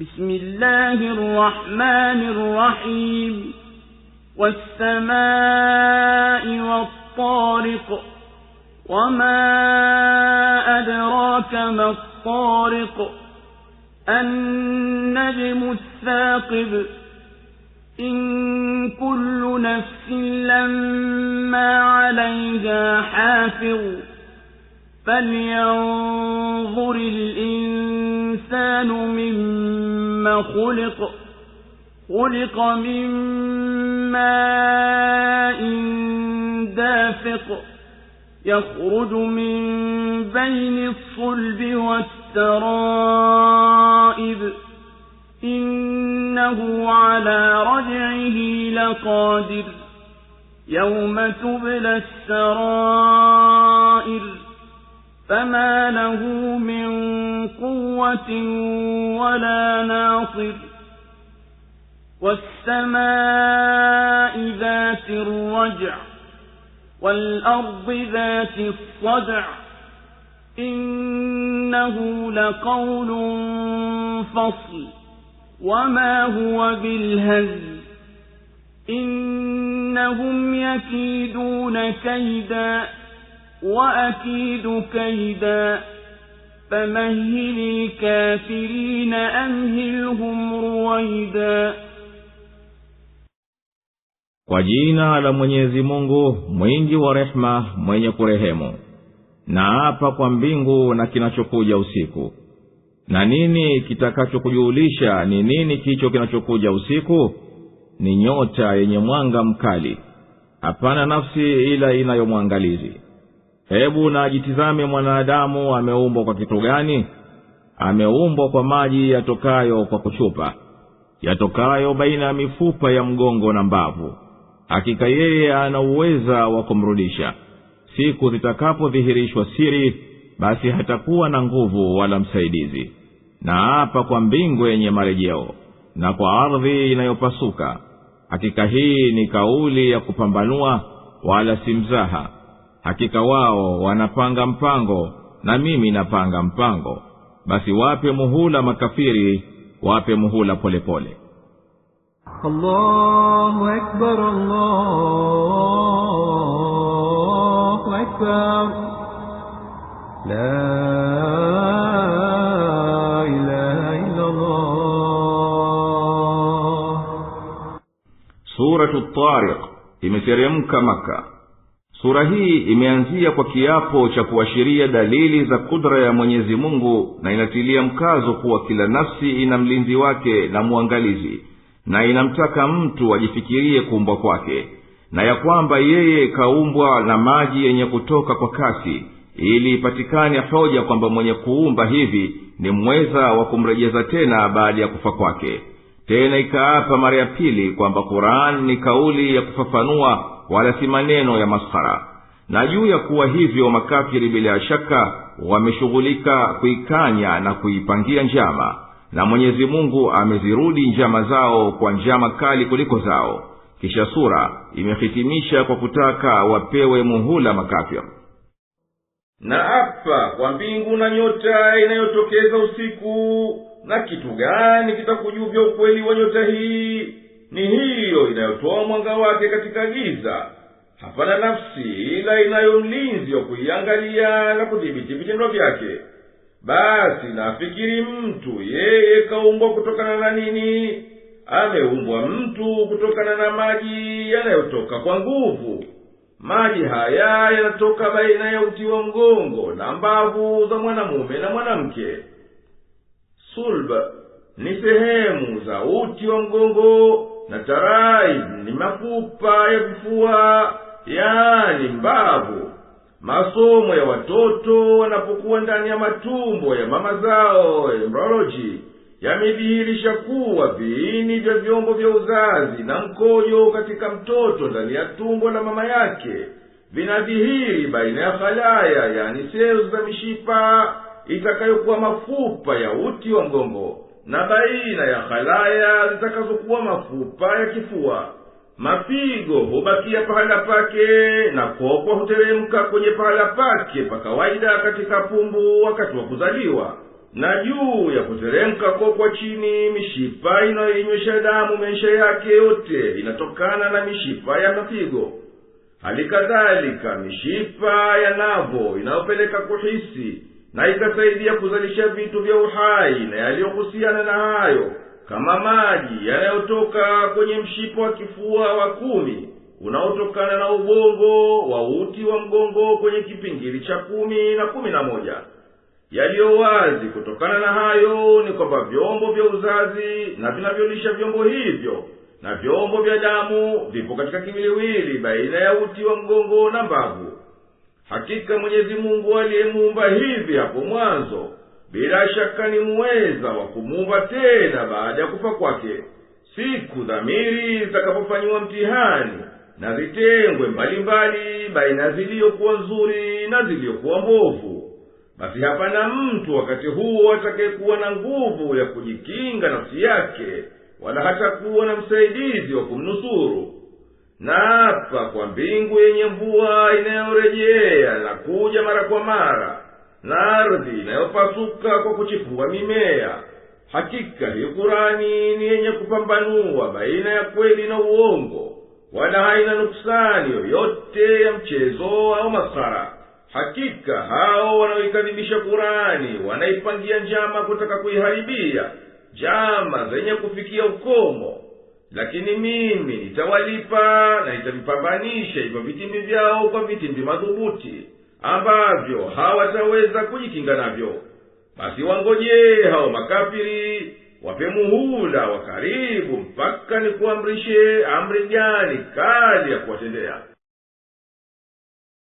بسم الله الرحمن الرحيم والسماء والطارق وما أدراك ما الطارق النجم الثاقب إن كل نفس لما عليها حافظ فلينظر الإنسان مما خلق خلق من ماء دافق يخرج من بين الصلب والترائب إنه على رجعه لقادر يوم تبلى السرائر فما له من قوة ولا ناصر والسماء ذات الرجع والأرض ذات الصدع إنه لقول فصل وما هو بالهزل إنهم يكيدون كيداً وأكيد كيدا فمهل الكافرين أمهلهم رويدا kwa jina la mwenyezi mungu mwingi wa rehema mwenye kurehemu na kwa mbingu na kinachokuja usiku na nini kitakachokujuulisha ni nini kicho kinachokuja usiku ni nyota yenye mwanga mkali hapana nafsi ila inayomwangalizi hebu na ajitizame mwanadamu ameumbwa kwa kitu gani ameumbwa kwa maji yatokayo kwa kuchupa yatokayo baina ya mifupa ya mgongo na mbavu hakika yeye ana uweza wa kumrudisha siku zitakapodhihirishwa siri basi hatakuwa na nguvu wala msaidizi na apa kwa mbingu yenye marejeo na kwa ardhi inayopasuka hakika hii ni kauli ya kupambanua wala si mzaha hakika wao wanapanga mpango na mimi napanga mpango basi wape muhula makafiri wape muhula polepole Allahu Suratu Tariq imeteremka Maka sura hii imeanzia kwa kiapo cha kuashiria dalili za kudra ya mwenyezi mungu na inatilia mkazo kuwa kila nafsi ina mlinzi wake na mwangalizi na inamtaka mtu ajifikirie kuumbwa kwake na ya kwamba yeye kaumbwa na maji yenye kutoka kwa kasi ili ipatikane hoja kwamba mwenye kuumba hivi ni mweza wa kumrejeza tena baada ya kufa kwake tena ikaapa mara ya pili kwamba qurani ni kauli ya kufafanua wala si maneno ya maskhara na juu ya kuwa hivyo makafiri bila shaka wameshughulika kuikanya na kuipangia njama na mwenyezi mungu amezirudi njama zao kwa njama kali kuliko zao kisha sura imehitimisha kwa kutaka wapewe muhula makafir na apa kwa mbingu na nyota inayotokeza usiku na kitu gani kitakujuvya ukweli wa nyota hii ni hiyo inayotoa mwanga wake katika giza hapana nafsi ila inayo mlinzi wa kuiangalia na kudhibiti vitendo vyake basi nafikiri mtu yeye kaumbwa kutokana na nini ameumbwa mtu kutokana na maji yanayotoka kwa nguvu maji haya yanatoka baina ya uti wa mgongo na mbavu za mwanamume na mwanamke sulba ni sehemu za uti wa mgongo na tarai ni mafupa ya vifua yani mbavu masomo ya watoto wanapokuwa ndani ya matumbo ya mama zao embryology yamedhihirisha kuwa viini vya vyombo vya uzazi na mkojo katika mtoto ndani ya tumbo la mama yake vinadhihiri baina ya halaya yani seli za mishipa itakayokuwa mafupa ya uti wa mgongo na baina ya khalaya zitakazokuwa mafupa ya kifua mapigo hubakia pahala pake na kokwa huteremka kwenye pahala pake pa kawaida katika pumbu wakati wa kuzaliwa na juu ya kuteremka kokwa chini mishipa inayoinywesha damu maisha yake yote inatokana na mishipa ya mapigo hali kadhalika mishipa ya navo inayopeleka kuhisi na ikasaidia kuzalisha vitu vya uhai na yaliyohusiana na hayo kama maji yanayotoka kwenye mshipa wa kifua wa kumi unaotokana na ubongo wa uti wa mgongo kwenye kipingili cha kumi na kumi na moja yaliyo wazi kutokana na hayo ni kwamba vyombo vya uzazi na vinavyolisha vyombo hivyo na vyombo vya damu vipo katika kiwiliwili baina ya uti wa mgongo na mbavu hakika mwenyezi mungu aliyemuumba hivi hapo mwanzo bila shaka ni muweza wa kumuumba tena baada ya kufa kwake siku dhamiri zitakapofanyiwa mtihani na zitengwe mbalimbali baina ziliyokuwa nzuri na ziliyokuwa mbovu basi hapana mtu wakati huo atakayekuwa na nguvu ya kujikinga nafsi yake wala hatakuwa na msaidizi wa kumnusuru naapa kwa mbingu yenye mvua inayorejea na kuja mara kwa mara na ardhi inayopasuka kwa kuchipua mimea hakika hiyo kurani ni yenye kupambanua baina ya kweli na uongo wala haina nuksani yoyote ya mchezo au masara hakika hao wanaoikadhibisha kurani wanaipangia njama kutaka kuiharibia njama zenye kufikia ukomo lakini mimi nitawalipa na nitavipambanisha hivyo vitimbi vyao kwa vitimbi madhubuti ambavyo hawataweza kujikinga navyo basi wangojee hao makafiri wape muhula wa karibu mpaka nikuamrishe amri gani kali ya kuwatendea